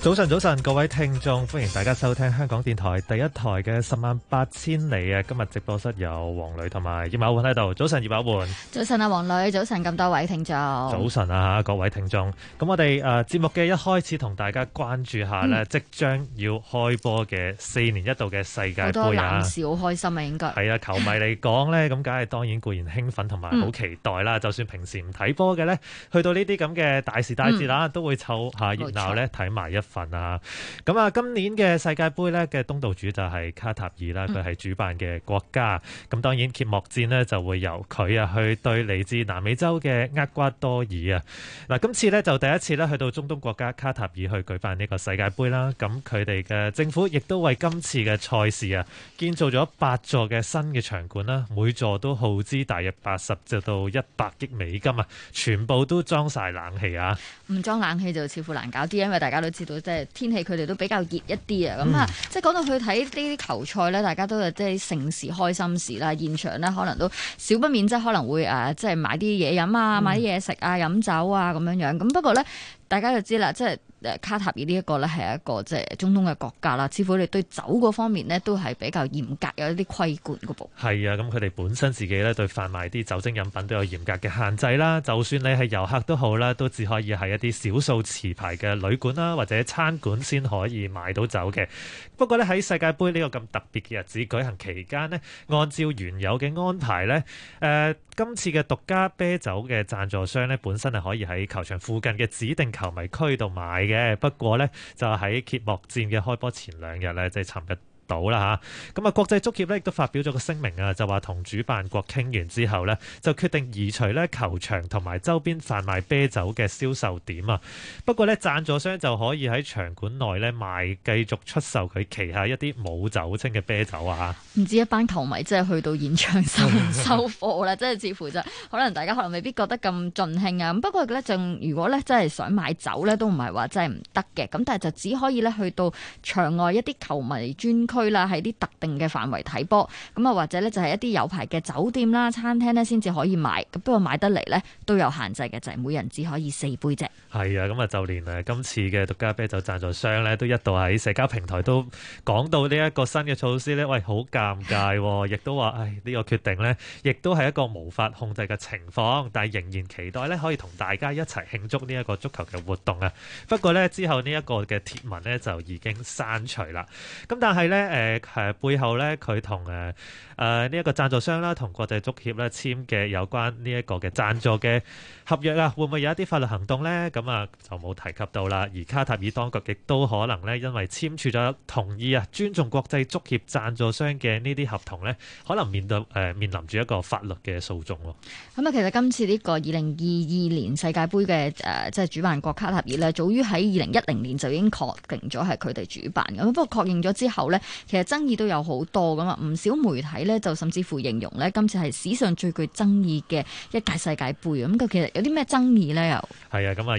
早晨，早晨，各位聽眾，歡迎大家收聽香港電台第一台嘅十萬八千里啊！今日直播室有黃磊同埋葉馬煥喺度。早晨，葉馬煥。早晨啊，黃磊，早晨，咁多位聽眾。早晨啊，各位聽眾。咁我哋誒節目嘅一開始同大家關注一下咧，即將要開播嘅四年一度嘅世界盃啊！好多男士好、嗯、開心啊，應該。係啊，球迷嚟講咧，咁梗係當然固然興奮同埋好期待啦。就算平時唔睇波嘅咧，去到呢啲咁嘅大時大節啦、啊、嗯、都會湊下熱鬧咧，睇埋錯一。份啊！咁啊，今年嘅世界盃呢嘅東道主，主就係卡塔爾啦，佢係主辦嘅國家。咁、嗯、當然揭幕戰呢就會由佢啊去對嚟自南美洲嘅厄瓜多爾啊。嗱，今次呢就第一次呢去到中東國家卡塔爾去舉辦呢個世界盃啦。咁佢哋嘅政府亦都為今次嘅賽事啊建造咗八座嘅新嘅場館啦，每座都耗資大約八十至到一百億美金啊，全部都裝晒冷氣啊！唔裝冷氣就似乎難搞啲，因為大家都知道。即係天氣，佢哋都比較熱一啲啊！咁啊，即係講到去睇呢啲球賽咧，大家都係即係盛事開心事啦。現場咧，可能都少不免即係可能會誒，即係買啲嘢飲啊，買啲嘢食啊，飲酒啊咁樣樣。咁不過咧，大家就知啦，即係。誒卡塔爾呢一個咧係一個即係中東嘅國家啦，似乎你對酒嗰方面咧都係比較嚴格，有一啲規管嘅噃。係啊，咁佢哋本身自己咧對販賣啲酒精飲品都有嚴格嘅限制啦。就算你係遊客都好啦，都只可以係一啲少數持牌嘅旅館啦或者餐館先可以買到酒嘅。不過咧，喺世界盃呢個咁特別嘅日子舉行期間呢，按照原有嘅安排咧，誒、呃、今次嘅獨家啤酒嘅贊助商咧本身係可以喺球場附近嘅指定球迷區度買。嘅，不過咧就喺揭幕戰嘅開波前兩日咧，就係尋日。到啦嚇，咁啊國際足協咧亦都發表咗個聲明啊，就話同主辦國傾完之後呢，就決定移除咧球場同埋周邊販賣啤酒嘅銷售點啊。不過呢，贊助商就可以喺場館內呢賣繼續出售佢旗下一啲冇酒精嘅啤酒啊嚇。唔知一班球迷真係去到現場收唔收貨咧？ 即係似乎就可能大家可能未必覺得咁盡興啊。不過呢，就如果呢真係想買酒呢，都唔係話真係唔得嘅。咁但係就只可以呢去到場外一啲球迷專區。去啦，喺啲特定嘅範圍睇波，咁啊或者咧就係一啲有牌嘅酒店啦、餐廳咧先至可以買，咁不過買得嚟咧都有限制嘅，就係、是、每人只可以四杯啫。係啊，咁啊，就連啊今次嘅獨家啤酒贊助商咧，都一度喺社交平台都講到呢一個新嘅措施咧，喂，好尷尬，喎，亦都話，唉、哎、呢，這個決定咧，亦都係一個無法控制嘅情況，但係仍然期待咧，可以同大家一齊慶祝呢一個足球嘅活動啊。不過咧，之後呢一個嘅貼文咧就已經刪除啦。咁但係咧，誒、呃、誒、呃、背後咧，佢同誒誒呢一個贊助商啦，同國際足協咧簽嘅有關呢一個嘅贊助嘅合約啊，會唔會有一啲法律行動咧？咁啊，就冇提及到啦。而卡塔爾當局亦都可能咧，因為簽署咗同意啊，尊重國際足協贊助商嘅呢啲合同咧，可能面對誒面臨住一個法律嘅訴訟喎。咁啊，其實今次呢個二零二二年世界杯嘅誒即係主辦國卡塔爾咧，早於喺二零一零年就已經確定咗係佢哋主辦嘅。咁不過確認咗之後咧，其實爭議都有好多，咁啊，唔少媒體咧就甚至乎形容咧，今次係史上最具爭議嘅一屆世界杯。咁佢其實有啲咩爭議咧？又係啊，咁啊。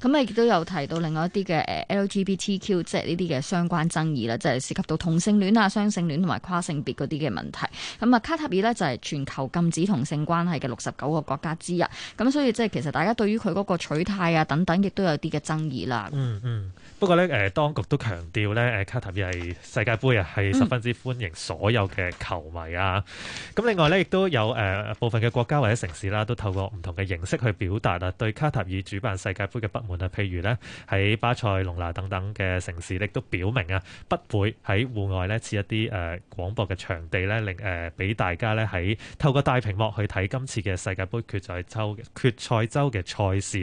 咁啊亦都有提到另外一啲嘅 LGBTQ 即係呢啲嘅相關爭議啦，即係涉及到同性戀啊、雙性戀同埋跨性別嗰啲嘅問題。咁啊卡塔爾咧就係全球禁止同性關係嘅六十九個國家之一。咁所以即係其實大家對於佢嗰個取態啊等等，亦都有啲嘅爭議啦。嗯嗯。不過咧誒當局都強調咧誒卡塔爾係世界杯啊，係十分之歡迎所有嘅球迷啊。咁、嗯、另外咧亦都有誒部分嘅國家或者城市啦，都透過唔同嘅形式去表達啦對卡塔爾主辦世界杯嘅不。譬如咧，喺巴塞隆拿等等嘅城市，亦都表明啊，不會喺戶外咧設一啲誒廣播嘅場地咧，令誒俾大家咧喺透過大屏幕去睇今次嘅世界杯決賽周決賽周嘅賽事。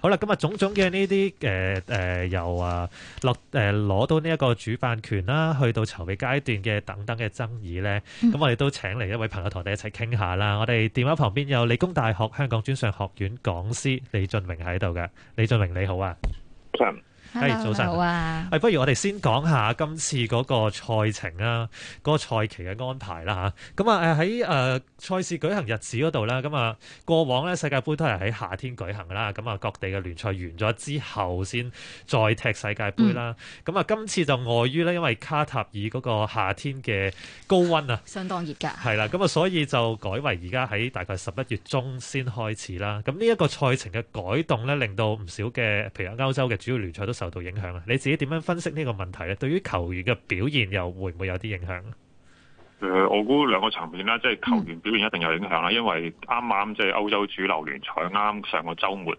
好啦，咁啊，種種嘅呢啲誒誒，由啊落誒攞到呢一個主辦權啦，去到籌備階段嘅等等嘅爭議咧，咁、嗯、我哋都請嚟一位朋友同我哋一齊傾下啦。我哋電話旁邊有理工大學香港專上學院講師李峻嶸喺度嘅，峻嶸你好啊。誒，Hello. hey, 早晨 Hello.、啊，不如我哋先講下今次嗰個賽程啊，嗰嗰個賽期嘅安排啦吓。咁啊，誒喺誒賽事舉行日子嗰度啦，咁啊過往咧世界盃都係喺夏天舉行噶啦，咁啊各地嘅聯賽完咗之後先再踢世界盃啦。咁、嗯、啊今次就礙於咧，因為卡塔爾嗰個夏天嘅高溫啊，相當熱噶，係啦，咁啊所以就改為而家喺大概十一月中先開始啦。咁呢一個賽程嘅改動咧，令到唔少嘅譬如歐洲嘅主要聯賽都受到影響啊！你自己點樣分析呢個問題咧？對於球員嘅表現又會唔會有啲影響咧？呃，我估兩個層面啦，即係球員表現一定有影響啦。嗯、因為啱啱即係歐洲主流聯賽啱上個週末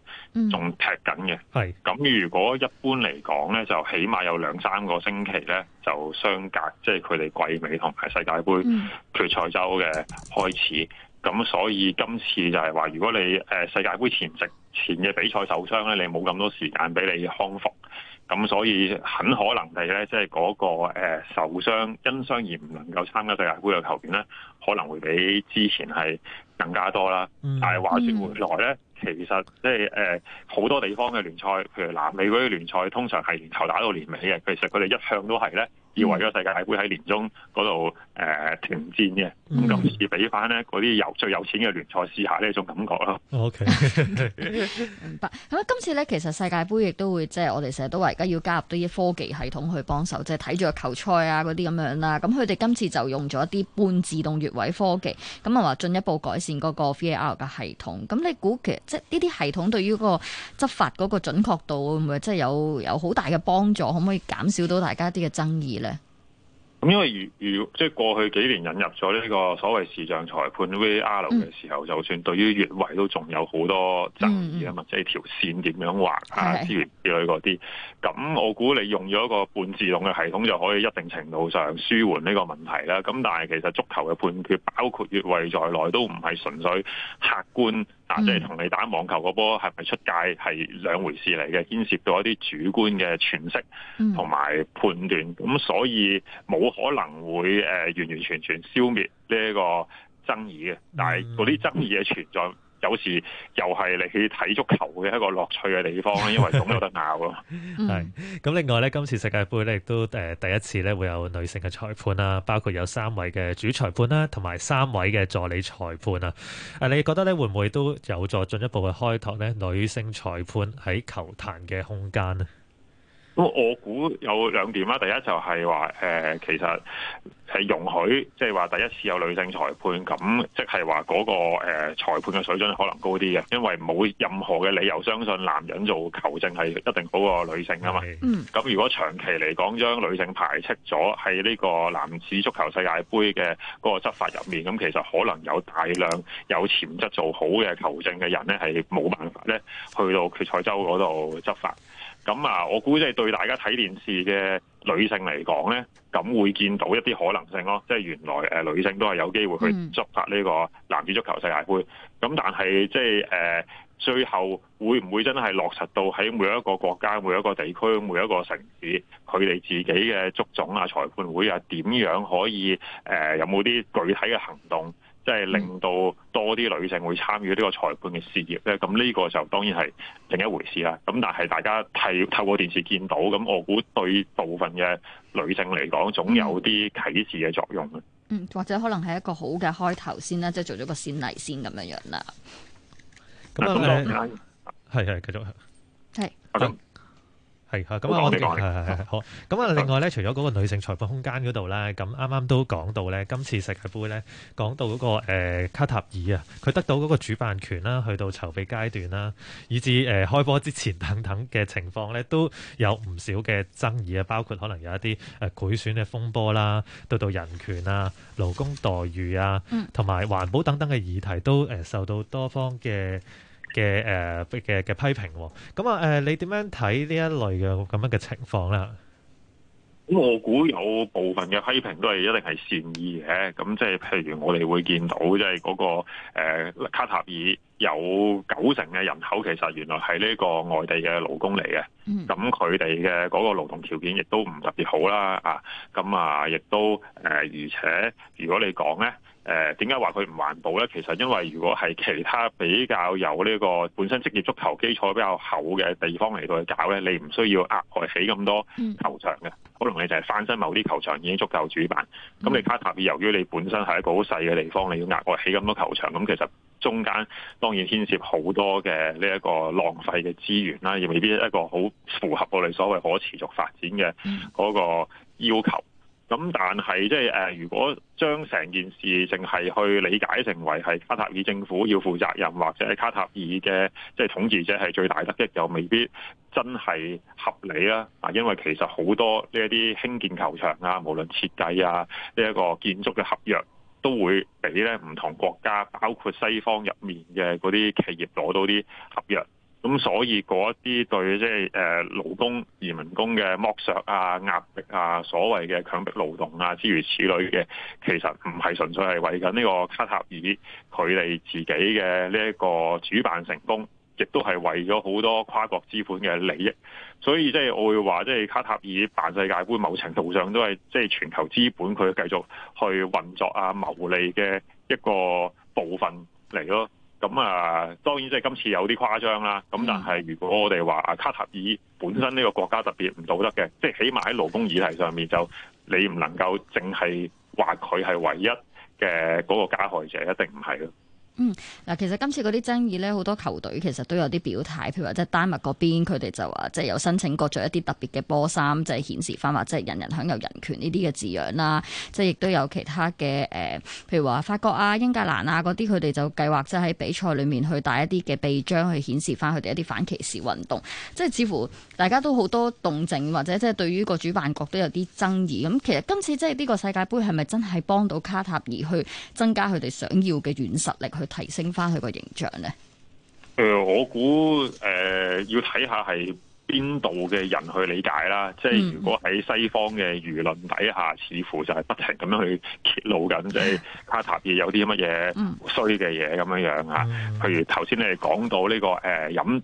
仲踢緊嘅，係咁、嗯。如果一般嚟講咧，就起碼有兩三個星期咧，就相隔即係佢哋季尾同埋世界盃決賽周嘅開始。嗯咁所以今次就係話，如果你誒世界盃前夕前嘅比賽受傷咧，你冇咁多時間俾你康復，咁所以很可能係咧，即係嗰個誒受傷因傷而唔能夠參加世界盃嘅球員咧，可能會比之前係更加多啦。但係話說回來咧，其實即係誒好多地方嘅聯賽，譬如南美嗰啲聯賽通常係連球打到年尾嘅，其實佢哋一向都係咧。要為個世界大盃喺年中嗰度誒停戰嘅，咁於是俾翻咧嗰啲有最有錢嘅聯賽試下呢一種感覺咯。O K。明白。咁啊，今次咧其實世界盃亦都會即係我哋成日都話而家要加入多啲科技系統去幫手，即係睇住個球賽啊嗰啲咁樣啦。咁佢哋今次就用咗一啲半自動越位科技，咁啊話進一步改善嗰個 VAR 嘅系統。咁你估其實即係呢啲系統對於嗰個執法嗰個準確度有有，會唔會即係有有好大嘅幫助？可唔可以減少到大家啲嘅爭議咧？咁因為如如即係過去幾年引入咗呢個所謂視像裁判 V R 嘅時候，嗯、就算對於越位都仲有好多爭議啊嘛，嗯、即係條線點樣畫啊，嗯、之類之類嗰啲。咁我估你用咗一個半自動嘅系統就可以一定程度上舒緩呢個問題啦。咁但係其實足球嘅判決包括越位在內都唔係純粹客觀。嗱，即係同你打網球嗰波係咪出界係兩回事嚟嘅，牽涉到一啲主觀嘅詮釋同埋判斷，咁、嗯、所以冇可能會誒完完全全消滅呢一個爭議嘅，但係嗰啲爭議嘅存在。有時又係嚟去睇足球嘅一個樂趣嘅地方，因為總有得拗咯 。係 咁，另外咧，今次世界盃咧亦都誒、呃、第一次咧會有女性嘅裁判啦、啊，包括有三位嘅主裁判啦、啊，同埋三位嘅助理裁判啊。誒、啊，你覺得咧會唔會都有助進一步嘅開拓咧？女性裁判喺球壇嘅空間咧？咁我估有兩點啦、啊，第一就係話誒，其實係容許，即係話第一次有女性裁判，咁即係話嗰個、呃、裁判嘅水準可能高啲嘅，因為冇任何嘅理由相信男人做球證係一定好過女性啊嘛。咁、嗯、如果長期嚟講將女性排斥咗喺呢個男子足球世界盃嘅嗰個執法入面，咁其實可能有大量有潛質做好嘅球證嘅人咧，係冇辦法咧去到決賽周嗰度執法。咁啊，我估即係對大家睇電視嘅女性嚟講咧，咁會見到一啲可能性咯。即係原來誒女性都係有機會去執法呢個男子足球世界盃，咁、mm. 但係即係誒最後會唔會真係落實到喺每一個國家、每一個地區、每一個城市，佢哋自己嘅足總啊、裁判會啊，點樣可以誒有冇啲具體嘅行動。即係令到多啲女性會參與呢個裁判嘅事業咧，咁呢個就當然係另一回事啦。咁但係大家係透過電視看見到，咁我估對部分嘅女性嚟講，總有啲啟示嘅作用啦。嗯，或者可能係一個好嘅開頭先啦，即係做咗個先例先咁樣樣啦。咁是啊，係係繼續係。嗯係咁啊，我係係好。咁、嗯、啊，另外咧，除咗嗰個女性裁判空間嗰度咧，咁啱啱都講到咧，今次世界盃咧、那個，講到嗰個卡塔爾啊，佢得到嗰個主辦權啦，去到籌備階段啦，以至誒、呃、開波之前等等嘅情況咧，都有唔少嘅爭議啊，包括可能有一啲誒賄選嘅風波啦，到到人權啊、勞工待遇啊，同埋、嗯、環保等等嘅議題都、呃、受到多方嘅。嘅誒嘅嘅批評喎，咁啊誒，你點樣睇呢一類嘅咁樣嘅情況咧？咁我估有部分嘅批評都係一定係善意嘅，咁即係譬如我哋會見到、那個，即係嗰個卡塔爾有九成嘅人口其實原來係呢個外地嘅勞工嚟嘅，咁佢哋嘅嗰個勞動條件亦都唔特別好啦，啊，咁啊，亦都誒，而、呃、且如果你講咧。誒點解話佢唔環保呢？其實因為如果係其他比較有呢個本身職業足球基礎比較厚嘅地方嚟到去搞呢，你唔需要額外起咁多球場嘅，可能你就係翻新某啲球場已經足夠主辦。咁你卡塔爾由於你本身係一個好細嘅地方，你要額外起咁多球場，咁其實中間當然牽涉好多嘅呢一個浪費嘅資源啦，亦未必一個好符合我哋所謂可持續發展嘅嗰個要求。咁但係即係誒，如果將成件事淨係去理解成為係卡塔爾政府要負責任，或者係卡塔爾嘅即係統治者係最大得益，又未必真係合理啦。啊，因為其實好多呢一啲興建球場啊，無論設計啊呢一個建築嘅合約都會俾咧唔同國家，包括西方入面嘅嗰啲企業攞到啲合約。咁所以嗰一啲對即係誒勞工、移民工嘅剝削啊、壓迫啊、所謂嘅強迫勞動啊諸如此類嘅，其實唔係純粹係為緊呢個卡塔爾佢哋自己嘅呢一個主辦成功，亦都係為咗好多跨國資本嘅利益。所以即係我會話，即係卡塔爾辦世界盃某程度上都係即係全球資本佢繼續去運作啊牟利嘅一個部分嚟咯。咁啊，當然即係今次有啲誇張啦。咁但係，如果我哋話阿卡塔爾本身呢個國家特別唔道德嘅，即係起碼喺勞工議題上面，就你唔能夠淨係話佢係唯一嘅嗰個加害者，一定唔係咯。嗯，嗱，其實今次嗰啲爭議呢，好多球隊其實都有啲表態，譬如話即係丹麥嗰邊，佢哋就話即係有申請過著一啲特別嘅波衫，即係顯示翻或者人人享有人權呢啲嘅字樣啦。即係亦都有其他嘅誒、呃，譬如話法國啊、英格蘭啊嗰啲，佢哋就計劃即係喺比賽裏面去帶一啲嘅臂章去顯示翻佢哋一啲反歧視運動。即係似乎大家都好多動靜，或者即係對於個主辦國都有啲爭議。咁其實今次即係呢個世界盃係咪真係幫到卡塔爾去增加佢哋想要嘅軟實力去？提升翻佢個形象咧？誒、呃，我估誒、呃、要睇下係邊度嘅人去理解啦？即係如果喺西方嘅輿論底下，嗯、似乎就係不停咁樣去揭露緊，即係卡塔爾有啲乜嘢衰嘅嘢咁樣樣啊？譬如頭先你講到呢、呢個誒、呃、飲誒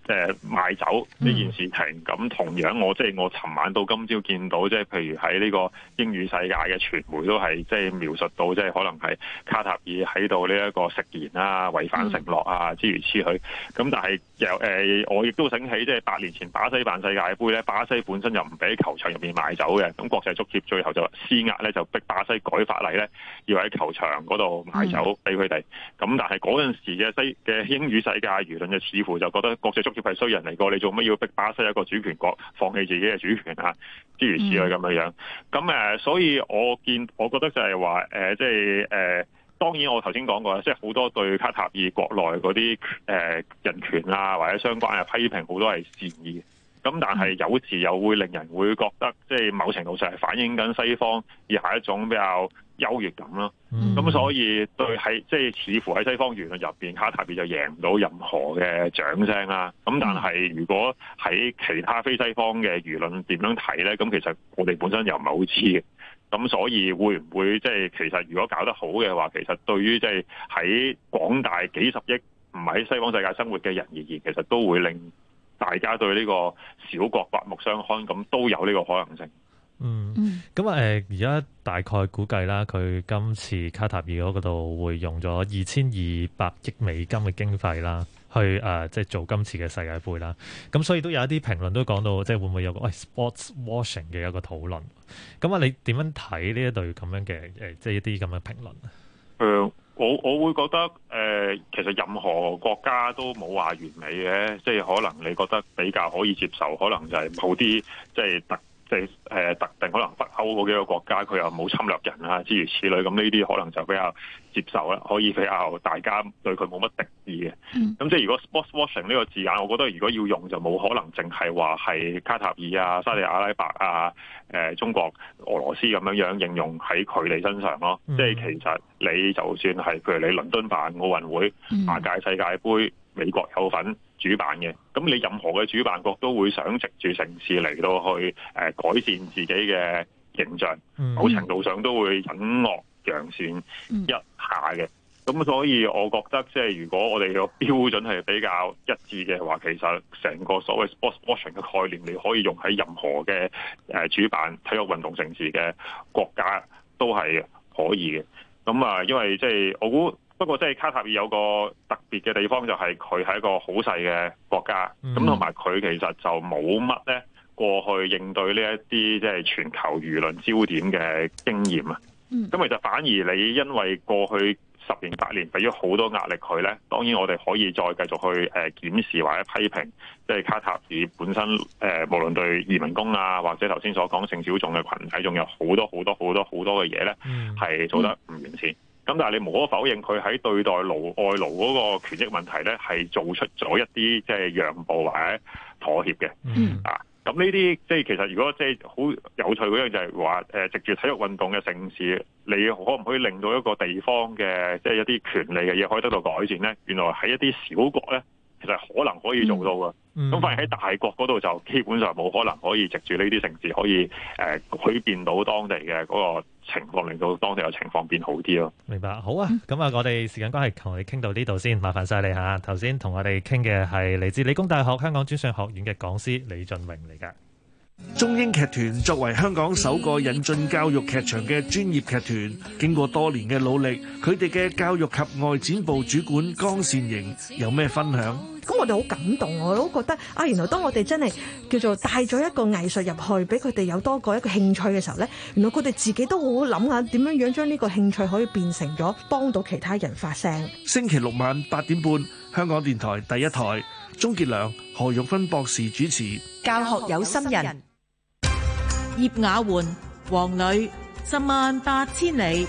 賣、呃、酒呢件事情，咁、嗯、同樣我即係我尋晚到今朝見到，即係譬如喺呢個英語世界嘅傳媒都係即係描述到，即係可能係卡塔爾喺度呢一個食言啊、違反承諾啊、嗯、諸如此類。咁但係又、呃、我亦都醒起，即係八年前打西班世界杯咧，巴西本身就唔俾球場入面買酒嘅，咁國際足協最後就施壓咧，就逼巴西改法例咧，要喺球場嗰度買酒俾佢哋。咁但係嗰陣時嘅西嘅英語世界輿論就似乎就覺得國際足協係衰人嚟過，你做乜要逼巴西一個主權國放棄自己嘅主權啊？諸如此類咁樣。咁所以我見我覺得就係話即係誒，當然我頭先講過，即係好多對卡塔爾國內嗰啲、呃、人權啊，或者相關嘅批評，好多係善意。咁、嗯、但係有時又會令人會覺得，即、就、係、是、某程度上係反映緊西方而係一種比較優越感咯。咁、嗯、所以對喺即係似乎喺西方輿論入邊，卡塔爾就贏唔到任何嘅掌聲啦。咁但係如果喺其他非西方嘅輿論點樣睇咧？咁其實我哋本身又唔係好知嘅。咁所以會唔會即係、就是、其實如果搞得好嘅話，其實對於即係喺廣大幾十億唔喺西方世界生活嘅人而言，其實都會令。大家對呢個小國刮目相看，咁都有呢個可能性。嗯，咁啊誒，呃、而家大概估計啦，佢今次卡塔爾嗰度會用咗二千二百億美金嘅經費啦，去誒即係做今次嘅世界盃啦。咁所以都有一啲評論都講到，即係會唔會有個、哎、sports washing 嘅一個討論？咁啊，你點樣睇呢一對咁樣嘅誒，即係一啲咁嘅評論啊？誒、嗯。我我會覺得，誒、呃，其實任何國家都冇話完美嘅，即係可能你覺得比較可以接受，可能就係好啲，即係特。即係特定可能北歐嗰幾個國家，佢又冇侵略人啊，諸如此類咁呢啲可能就比較接受啦，可以比較大家對佢冇乜敵意嘅。咁、mm. 即係如果 sportswashing 呢個字眼，我覺得如果要用就冇可能，淨係話係卡塔爾啊、沙地阿拉伯啊、呃、中國、俄羅斯咁樣樣應用喺佢哋身上咯。Mm. 即係其實你就算係譬如你倫敦辦奧運會、亞界世界盃。美國有份主辦嘅，咁你任何嘅主辦國都會想藉住城市嚟到去改善自己嘅形象，某、嗯、程度上都會隱惡揚善一下嘅。咁所以我覺得即係如果我哋個標準係比較一致嘅話，其實成個所謂 Sports Washing 嘅概念，你可以用喺任何嘅主辦體育運動城市嘅國家都係可以嘅。咁啊，因為即係我估。不過即係卡塔爾有個特別嘅地方，就係佢係一個好細嘅國家，咁同埋佢其實就冇乜咧過去應對呢一啲即係全球輿論焦點嘅經驗啊。咁其實反而你因為過去十年八年俾咗好多壓力佢咧，當然我哋可以再繼續去誒檢視或者批評，即係卡塔爾本身誒，無論對移民工啊，或者頭先所講性小衆嘅群體，仲有好多好多好多好多嘅嘢咧，係、mm hmm. 做得唔完善。咁但係你無可否認，佢喺對待勞外勞嗰個權益問題咧，係做出咗一啲即係讓步或者妥協嘅。嗯。啊，咁呢啲即係其實如果即係好有趣嗰樣就係、是、話，藉住體育運動嘅盛事，你可唔可以令到一個地方嘅即係一啲權利嘅嘢可以得到改善咧？原來喺一啲小國咧。就可能可以做到噶，咁反而喺大國嗰度就基本上冇可能可以藉住呢啲城市可以，誒，改變到當地嘅嗰個情況，令到當地嘅情況變好啲咯。明白，好啊，咁啊，我哋時間關係，同你傾到呢度先，麻煩晒你吓。頭先同我哋傾嘅係嚟自理工大學香港專上學院嘅講師李峻嶸嚟噶。中英劇團作為香港首個引進教育劇場嘅專業劇團，經過多年嘅努力，佢哋嘅教育及外展部主管江善盈有咩分享？咁我哋好感動，我都覺得啊，原來當我哋真係叫做帶咗一個藝術入去，俾佢哋有多過一個興趣嘅時候呢，原來佢哋自己都好諗下點樣樣將呢個興趣可以變成咗幫到其他人發聲。星期六晚八點半，香港電台第一台，鍾傑良、何玉芬博士主持。教學有心人，心人葉雅媛、黃女，十萬八千里。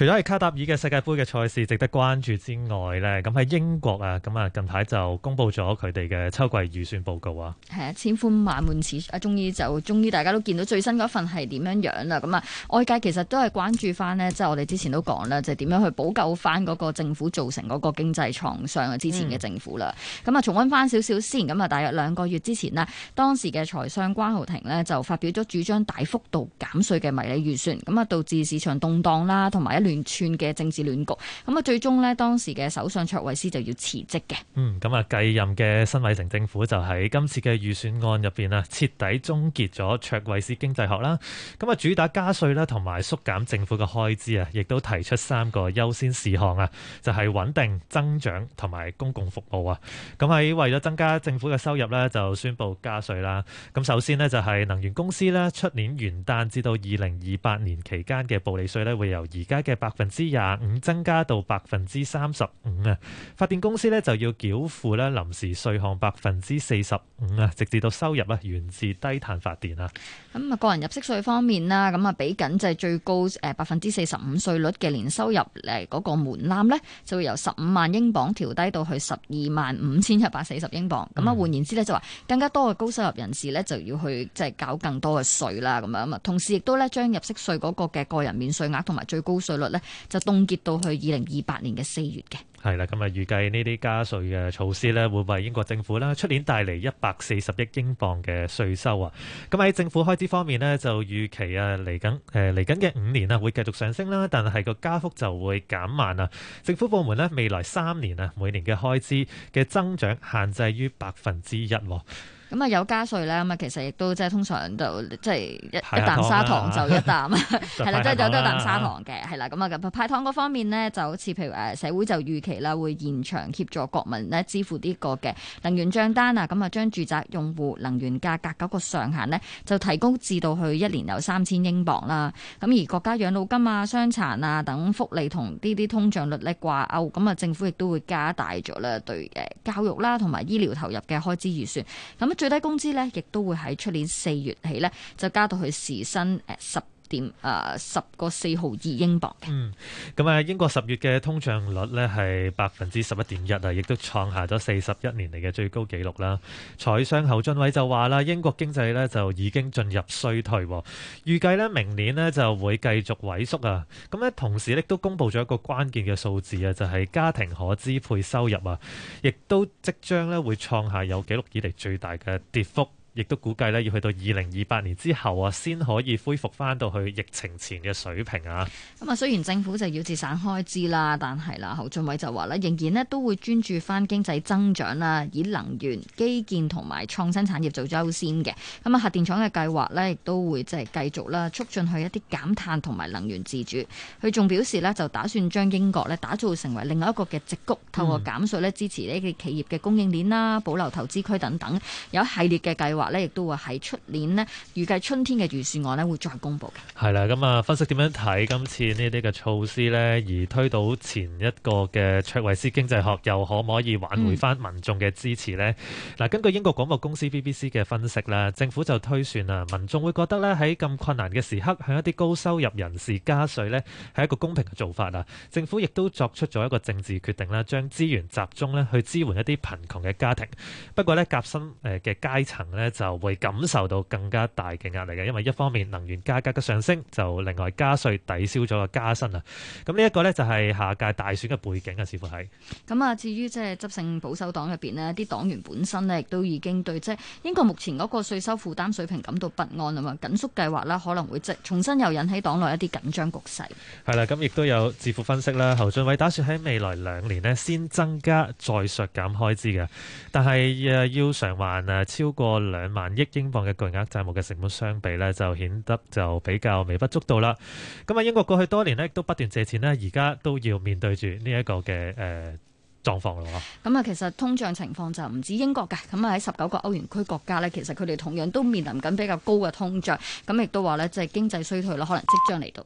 除咗係卡塔爾嘅世界盃嘅賽事值得關注之外咧，咁喺英國啊，咁啊近排就公布咗佢哋嘅秋季預算報告啊。係千呼萬喚始，啊終於就終於大家都見到最新嗰份係點樣樣啦。咁啊，外界其實都係關注翻呢，即係我哋之前都講啦，就點樣去補救翻嗰個政府造成嗰個經濟創傷啊，之前嘅政府啦。咁啊、嗯，重温翻少少先，咁啊，大約兩個月之前咧，當時嘅財相關浩庭呢，就發表咗主張大幅度減稅嘅迷你預算，咁啊導致市場動盪啦，同埋一串嘅政治亂局，咁啊，最終呢，當時嘅首相卓慧思就要辭職嘅。嗯，咁啊，繼任嘅辛偉誠政府就喺今次嘅預算案入邊啊，徹底終結咗卓慧思經濟學啦。咁啊，主打加稅啦，同埋縮減政府嘅開支啊，亦都提出三個優先事項啊，就係穩定、增長同埋公共服務啊。咁喺為咗增加政府嘅收入呢，就宣布加稅啦。咁首先呢，就係能源公司呢，出年元旦至到二零二八年期間嘅暴利稅呢，會由而家嘅百分之廿五增加到百分之三十五啊！發電公司咧就要繳付咧臨時稅項百分之四十五啊，直至到收入啊源自低碳發電啊。咁啊，個人入息稅方面啦，咁啊，比緊就係最高誒百分之四十五稅率嘅年收入誒嗰個門檻咧，就會由十五萬英鎊調低到去十二萬五千一百四十英鎊。咁啊，換言之咧就話更加多嘅高收入人士咧就要去即係搞更多嘅稅啦。咁樣啊，同時亦都咧將入息稅嗰個嘅個人免稅額同埋最高稅率。就凍結到去二零二八年嘅四月嘅。係啦，咁啊，預計呢啲加稅嘅措施咧，會為英國政府咧出年帶嚟一百四十億英鎊嘅稅收啊。咁喺政府開支方面咧，就預期啊，嚟緊誒嚟緊嘅五年啊，會繼續上升啦，但係個加幅就會減慢啊。政府部門咧未來三年啊，每年嘅開支嘅增長限制於百分之一。咁啊有加稅呢，咁啊其實亦都即係通常就即、即係、一一啖砂糖就一啖，係 啦，即係有多一啖砂糖嘅，係啦。咁啊派糖嗰方面呢，就好似譬如誒社會就預期啦，會延長協助國民咧支付呢個嘅能源帳單啊。咁啊將住宅用戶能源價格嗰個上限呢，就提高至到去一年有三千英鎊啦。咁而國家養老金啊、傷殘啊等福利同呢啲通脹率咧掛鈎，咁啊政府亦都會加大咗啦對誒教育啦同埋醫療投入嘅開支預算。咁最低工資咧，亦都會喺出年四月起咧，就加到去時薪誒十零點誒，十個四毫二英鎊，嗯，咁啊，英國十月嘅通脹率咧係百分之十一點一啊，亦都創下咗四十一年嚟嘅最高紀錄啦。財相侯俊偉就話啦，英國經濟就已經進入衰退，預計明年就會繼續萎縮啊。咁同時咧都公布咗一個關鍵嘅數字啊，就係、是、家庭可支配收入啊，亦都即將咧會創下有紀錄以嚟最大嘅跌幅。亦都估計咧，要去到二零二八年之後啊，先可以恢復翻到去疫情前嘅水平啊！咁啊，雖然政府就要節省開支啦，但係啦，侯俊偉就話咧，仍然咧都會專注翻經濟增長啦，以能源、基建同埋創新產業做優先嘅。咁啊，核電廠嘅計劃咧，亦都會即係繼續啦，促進去一啲減碳同埋能源自主。佢仲表示咧，就打算將英國咧打造成為另外一個嘅植谷，透過減稅咧支持呢企業嘅供應鏈啦，嗯、保留投資區等等，有一系列嘅計劃。亦都會喺出年咧預計春天嘅預算案咧，會再公布嘅。係啦，咁啊分析點樣睇今次呢啲嘅措施咧，而推倒前一個嘅卓慧思經濟學，又可唔可以挽回翻民眾嘅支持咧？嗱、嗯，根據英國廣播公司 BBC 嘅分析啦，政府就推算啊，民眾會覺得咧喺咁困難嘅時刻，向一啲高收入人士加稅咧，係一個公平嘅做法啊。政府亦都作出咗一個政治決定啦，將資源集中咧去支援一啲貧窮嘅家庭。不過咧，夾心誒嘅階層咧。就會感受到更加大嘅壓力嘅，因為一方面能源價格嘅上升，就另外加稅抵消咗個加薪啊。咁呢一個咧就係下屆大選嘅背景啊，似乎係。咁啊，至於即係執政保守黨入邊咧，啲黨員本身咧亦都已經對即係英國目前嗰個稅收負擔水平感到不安啊嘛。緊縮計劃咧可能會即係重新又引起黨內一啲緊張局勢。係啦，咁亦都有智庫分析啦，侯俊偉打算喺未來兩年咧先增加再削減開支嘅，但係誒要償還誒超過兩。兩、嗯、萬億英鎊嘅巨額債務嘅成本相比咧，就顯得就比較微不足道啦。咁、嗯、啊，英國過去多年呢都不斷借錢呢而家都要面對住呢一個嘅誒狀況咯。咁、呃、啊，其實通脹情況就唔止英國嘅，咁啊喺十九個歐元區國家呢，其實佢哋同樣都面臨緊比較高嘅通脹，咁亦都話咧即係經濟衰退啦，可能即將嚟到。